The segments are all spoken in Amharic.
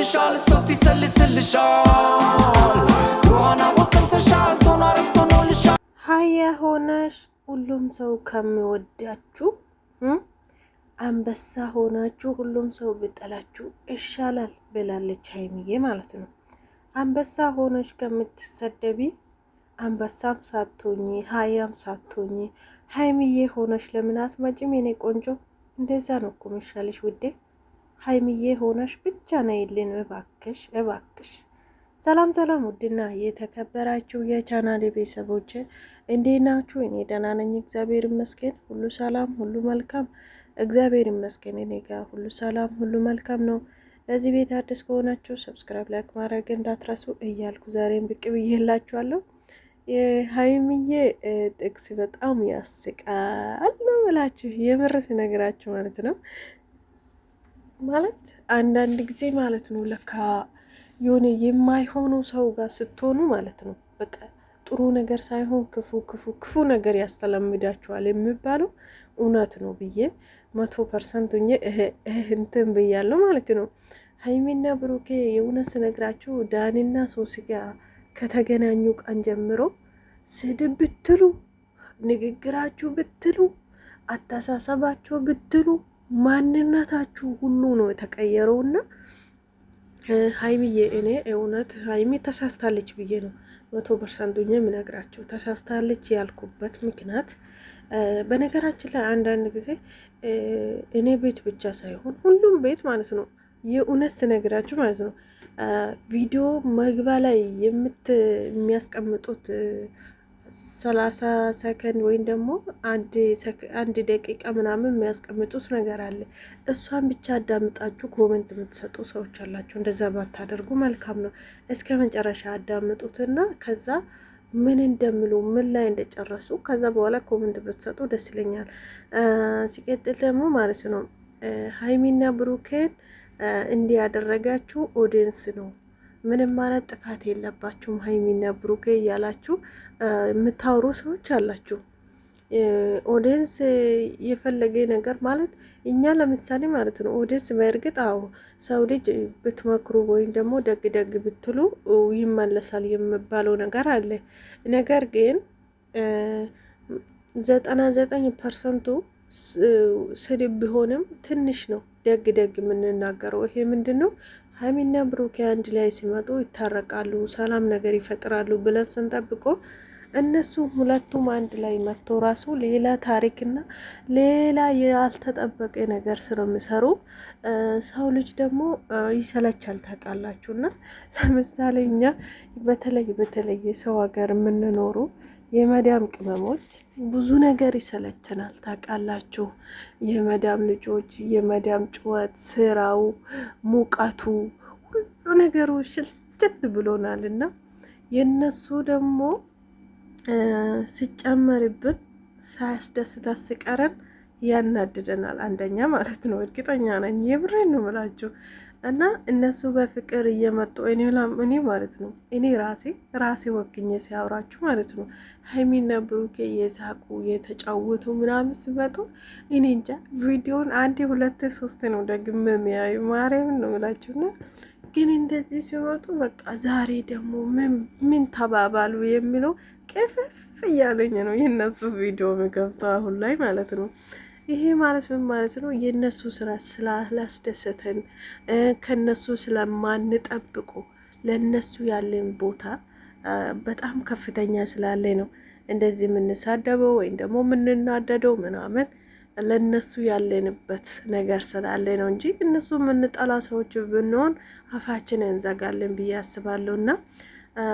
ይሰልሻል ሶስት ይሰልስልሻል ዮሐና ቦቀምሰሻል ቶናርም ቶኖልሻል ሀያ ሆነሽ ሁሉም ሰው ከሚወዳችሁ አንበሳ ሆናችሁ ሁሉም ሰው ብጠላችሁ ይሻላል ብላለች ሀይሚዬ ማለት ነው። አንበሳ ሆነች ከምትሰደቢ አንበሳም ሳቶኝ ሀያም ሳቶኝ ሀይሚዬ ሆነች ለምናት መጭም የኔ ቆንጆ እንደዛ ነው እኮ ምሻለሽ ውዴ። ሀይምዬ ሆነሽ ብቻ ነይልን እባክሽ እባክሽ። ሰላም ሰላም፣ ውድና የተከበራችሁ የቻናል ቤተሰቦች እንዴት ናችሁ? እኔ ደህና ነኝ፣ እግዚአብሔር ይመስገን። ሁሉ ሰላም፣ ሁሉ መልካም፣ እግዚአብሔር ይመስገን። እኔ ጋር ሁሉ ሰላም፣ ሁሉ መልካም ነው። ለዚህ ቤት አዲስ ከሆናችሁ ሰብስክራይብ፣ ላይክ ማድረግ እንዳትረሱ እያልኩ ዛሬም ብቅ ብዬላችኋለሁ። የሀይምዬ ጥቅስ በጣም ያስቃል ነው ብላችሁ የምር ስነግራችሁ ማለት ነው ማለት አንዳንድ ጊዜ ማለት ነው ለካ የሆነ የማይሆኑ ሰው ጋር ስትሆኑ ማለት ነው በቃ ጥሩ ነገር ሳይሆን ክፉ ክፉ ክፉ ነገር ያስተላምዳችኋል የሚባለው እውነት ነው ብዬ መቶ ፐርሰንት እንትን ብያለሁ ማለት ነው። ሀይሚና ብሩኬ የእውነት ስነግራችሁ ዳኒና ሶሲ ጋር ከተገናኙ ቀን ጀምሮ ስድብ ብትሉ፣ ንግግራችሁ ብትሉ፣ አተሳሰባችሁ ብትሉ ማንነታችሁ ሁሉ ነው የተቀየረው እና ሀይሚዬ እኔ እውነት ሀይሚ ተሳስታለች ብዬ ነው መቶ ፐርሰንት ሆኜ የምነግራቸው። ተሳስታለች ያልኩበት ምክንያት በነገራችን ላይ አንዳንድ ጊዜ እኔ ቤት ብቻ ሳይሆን ሁሉም ቤት ማለት ነው የእውነት ስነግራችሁ ማለት ነው ቪዲዮ መግባ ላይ የሚያስቀምጡት ሰላሳ ሰከንድ ወይም ደግሞ አንድ ደቂቃ ምናምን የሚያስቀምጡት ነገር አለ። እሷን ብቻ አዳምጣችሁ ኮመንት የምትሰጡ ሰዎች አላችሁ። እንደዛ ባታደርጉ መልካም ነው። እስከ መጨረሻ አዳምጡትና ከዛ ምን እንደምሉ ምን ላይ እንደጨረሱ ከዛ በኋላ ኮመንት ብትሰጡ ደስ ይለኛል። ሲቀጥል ደግሞ ማለት ነው ሀይሚና ብሩኬን እንዲያደረጋችሁ ኦዲየንስ ነው ምንም ማለት ጥፋት የለባችሁም ሀይሚና ብሩኬ እያላችሁ የምታወሩ ሰዎች አላችሁ። ኦዲንስ የፈለገ ነገር ማለት እኛ ለምሳሌ ማለት ነው። ኦዲንስ በእርግጥ አዎ ሰው ልጅ ብትመክሩ ወይም ደግሞ ደግ ደግ ብትሉ ይመለሳል የሚባለው ነገር አለ። ነገር ግን ዘጠና ዘጠኝ ፐርሰንቱ ስድብ ቢሆንም ትንሽ ነው ደግ ደግ የምንናገረው። ይሄ ምንድን ነው አሚና ብሩኬ አንድ ላይ ሲመጡ ይታረቃሉ፣ ሰላም ነገር ይፈጥራሉ ብለን ስንጠብቆ እነሱ ሁለቱም አንድ ላይ መጥቶ ራሱ ሌላ ታሪክና ሌላ ያልተጠበቀ ነገር ስለሚሰሩ ሰው ልጅ ደግሞ ይሰለቻል ታውቃላችሁ። እና ለምሳሌ እኛ በተለይ በተለይ ሰው ሀገር የምንኖሩ የመዳም ቅመሞች ብዙ ነገር ይሰለችናል ታውቃላችሁ። የመዳም ልጆች፣ የመዳም ጭወት ስራው፣ ሙቀቱ፣ ሁሉ ነገሩ ሽልትት ብሎናል እና የእነሱ ደግሞ ሲጨመርብን ሳያስደስት አስቀረን ያናድደናል። አንደኛ ማለት ነው። እርግጠኛ ነኝ የምሬን ነው ምላችሁ። እና እነሱ በፍቅር እየመጡ እኔ ማለት ነው እኔ ራሴ ራሴ ወግኘ ሲያወራችሁ ማለት ነው ሀይሚና ብሩኬ የሳቁ የተጫወቱ ምናምን ሲመጡ እኔ እንጃ ቪዲዮን አንዴ ሁለት ሶስት ነው ደግሜ የሚያዩ ማርያም ነው ምላችሁና ግን እንደዚህ ሲመጡ በቃ ዛሬ ደግሞ ምን ተባባሉ የሚለው ቅፍፍ እያለኝ ነው የእነሱ ቪዲዮ ምገብተው አሁን ላይ ማለት ነው። ይሄ ማለት ምን ማለት ነው? የእነሱ ስራ ስላላስደሰተን ከነሱ ስለማንጠብቁ ለእነሱ ያለን ቦታ በጣም ከፍተኛ ስላለ ነው እንደዚህ የምንሳደበው ወይም ደግሞ የምንናደደው ምናምን ለእነሱ ያለንበት ነገር ስላለ ነው እንጂ እነሱ የምንጠላ ሰዎች ብንሆን አፋችንን እንዘጋለን ብዬ አስባለሁ እና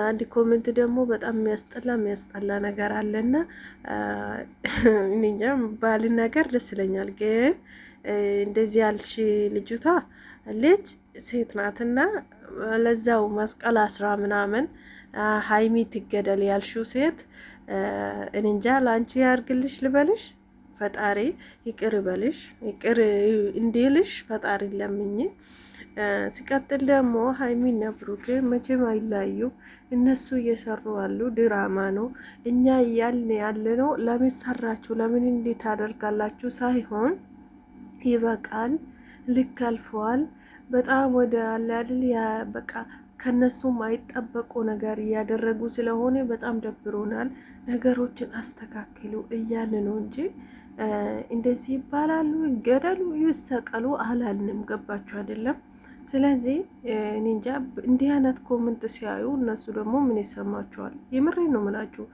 አንድ ኮመንት ደግሞ በጣም የሚያስጠላ የሚያስጠላ ነገር አለና እንጃ ባልን ነገር ደስ ይለኛል፣ ግን እንደዚህ ያልሽ ልጅቷ ልጅ ሴት ናትና ለዛው መስቀል አስራ ምናምን ሀይሚ ትገደል ያልሽው ሴት እንንጃ ለአንቺ ያርግልሽ ልበልሽ፣ ፈጣሪ ይቅር ይበልሽ፣ ይቅር እንዲልሽ ፈጣሪ ለምኝ። ሲቀጥል ደግሞ ሀይሚና ብሩክ መቼም አይለያዩ። እነሱ እየሰሩ ያሉ ድራማ ነው። እኛ እያልን ያለ ነው ለምን ሰራችሁ፣ ለምን እንዴት ታደርጋላችሁ ሳይሆን ይበቃል፣ ልክ አልፈዋል። በጣም ወደ አላድል በቃ ከነሱ ማይጠበቁ ነገር እያደረጉ ስለሆነ በጣም ደብሮናል። ነገሮችን አስተካክሉ እያለ ነው እንጂ እንደዚህ ይባላሉ፣ ይገደሉ፣ ይሰቀሉ አላልንም። ገባችሁ አይደለም? ስለዚህ ኒንጃ እንዲህ አይነት ኮመንት ሲያዩ እነሱ ደግሞ ምን ይሰማቸዋል? የምሬ ነው ምላችሁ።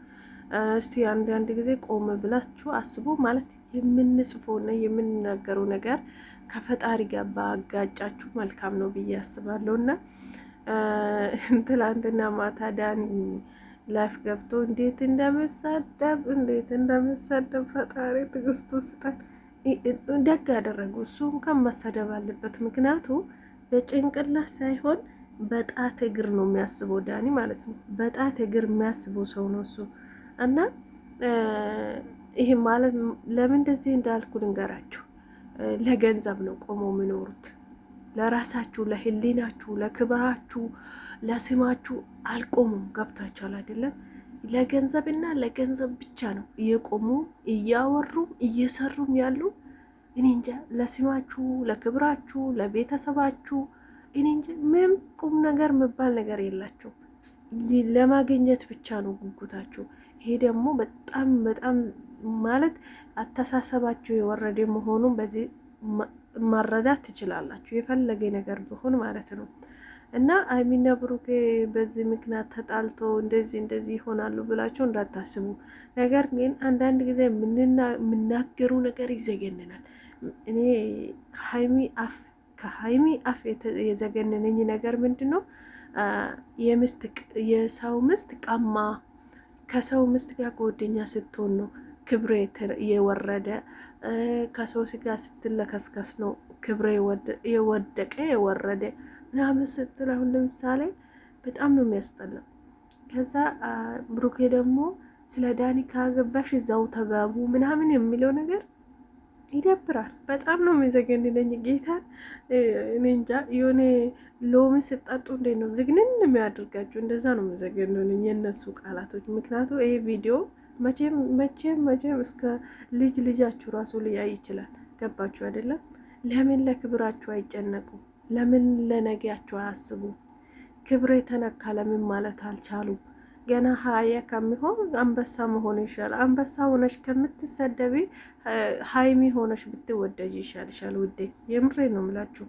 እስቲ አንዳንድ ጊዜ ቆም ብላችሁ አስቡ። ማለት የምንጽፈውና የምንናገረው ነገር ከፈጣሪ ጋር ባጋጫችሁ መልካም ነው ብዬ አስባለሁ። እና ትላንትና ማታ ዳኒ ላይፍ ገብቶ እንዴት እንደምሳደብ እንዴት እንደምሳደብ ፈጣሪ ትግስቱ ስጠን። ደግ ያደረጉ እሱ እንኳን መሰደብ አለበት ምክንያቱ በጭንቅላት ሳይሆን በጣት እግር ነው የሚያስበው ዳኒ ማለት ነው። በጣት እግር የሚያስበው ሰው ነው እሱ እና ይህ ማለት ለምን እንደዚህ እንዳልኩ ልንገራችሁ። ለገንዘብ ነው ቆመው የሚኖሩት። ለራሳችሁ፣ ለህሊናችሁ፣ ለክብራችሁ፣ ለስማችሁ አልቆሙም። ገብታችኋል አይደለም? ለገንዘብና ለገንዘብ ብቻ ነው እየቆሙ እያወሩም እየሰሩም ያሉ እኔ እንጃ ለስማችሁ፣ ለክብራችሁ፣ ለቤተሰባችሁ እኔ እንጃ ቁም ነገር የሚባል ነገር የላቸው። ለማግኘት ብቻ ነው ጉጉታችሁ። ይሄ ደግሞ በጣም በጣም ማለት አተሳሰባችሁ የወረደ መሆኑን በዚህ ማረዳት ትችላላችሁ። የፈለገ ነገር ቢሆን ማለት ነው እና ሀይሚና ብሩኬ በዚህ ምክንያት ተጣልቶ እንደዚህ እንደዚህ ይሆናሉ ብላቸው እንዳታስቡ። ነገር ግን አንዳንድ ጊዜ የምናገሩ ነገር ይዘገንናል። እኔ ከሀይሚ አፍ ከሀይሚ አፍ የዘገነነኝ ነገር ምንድን ነው? የሰው ምስት ቀማ። ከሰው ምስት ጋር ጓደኛ ስትሆን ነው ክብሬ የወረደ። ከሰው ስጋ ስትለከስከስ ነው ክብሬ የወደቀ የወረደ ምናምን ስትል፣ አሁን ለምሳሌ በጣም ነው የሚያስጠላው። ከዛ ብሩኬ ደግሞ ስለ ዳኒ ካገባሽ እዛው ተጋቡ ምናምን የሚለው ነገር ይደብራል። በጣም ነው የሚዘገንነኝ። ጌታን እኔ እንጃ የሆነ ሎሚ ስጣጡ እንዴት ነው ዝግንን የሚያደርጋችሁ? እንደዛ ነው የሚዘገንነኝ የእነሱ ቃላቶች። ምክንያቱ ይሄ ቪዲዮ መቼም መቼም መቼም እስከ ልጅ ልጃችሁ ራሱ ሊያይ ይችላል። ገባችሁ አይደለም? ለምን ለክብራችሁ አይጨነቁ? ለምን ለነገያችሁ አያስቡ? ክብር የተነካ ለምን ማለት አልቻሉም? ገና ሀያ ከሚሆን አንበሳ መሆን ይሻል። አንበሳ ሆነሽ ከምትሰደቢ ሀይሚ ሆነሽ ብትወደጅ ይሻልሻል። ውዴ የምሬ ነው ምላችሁ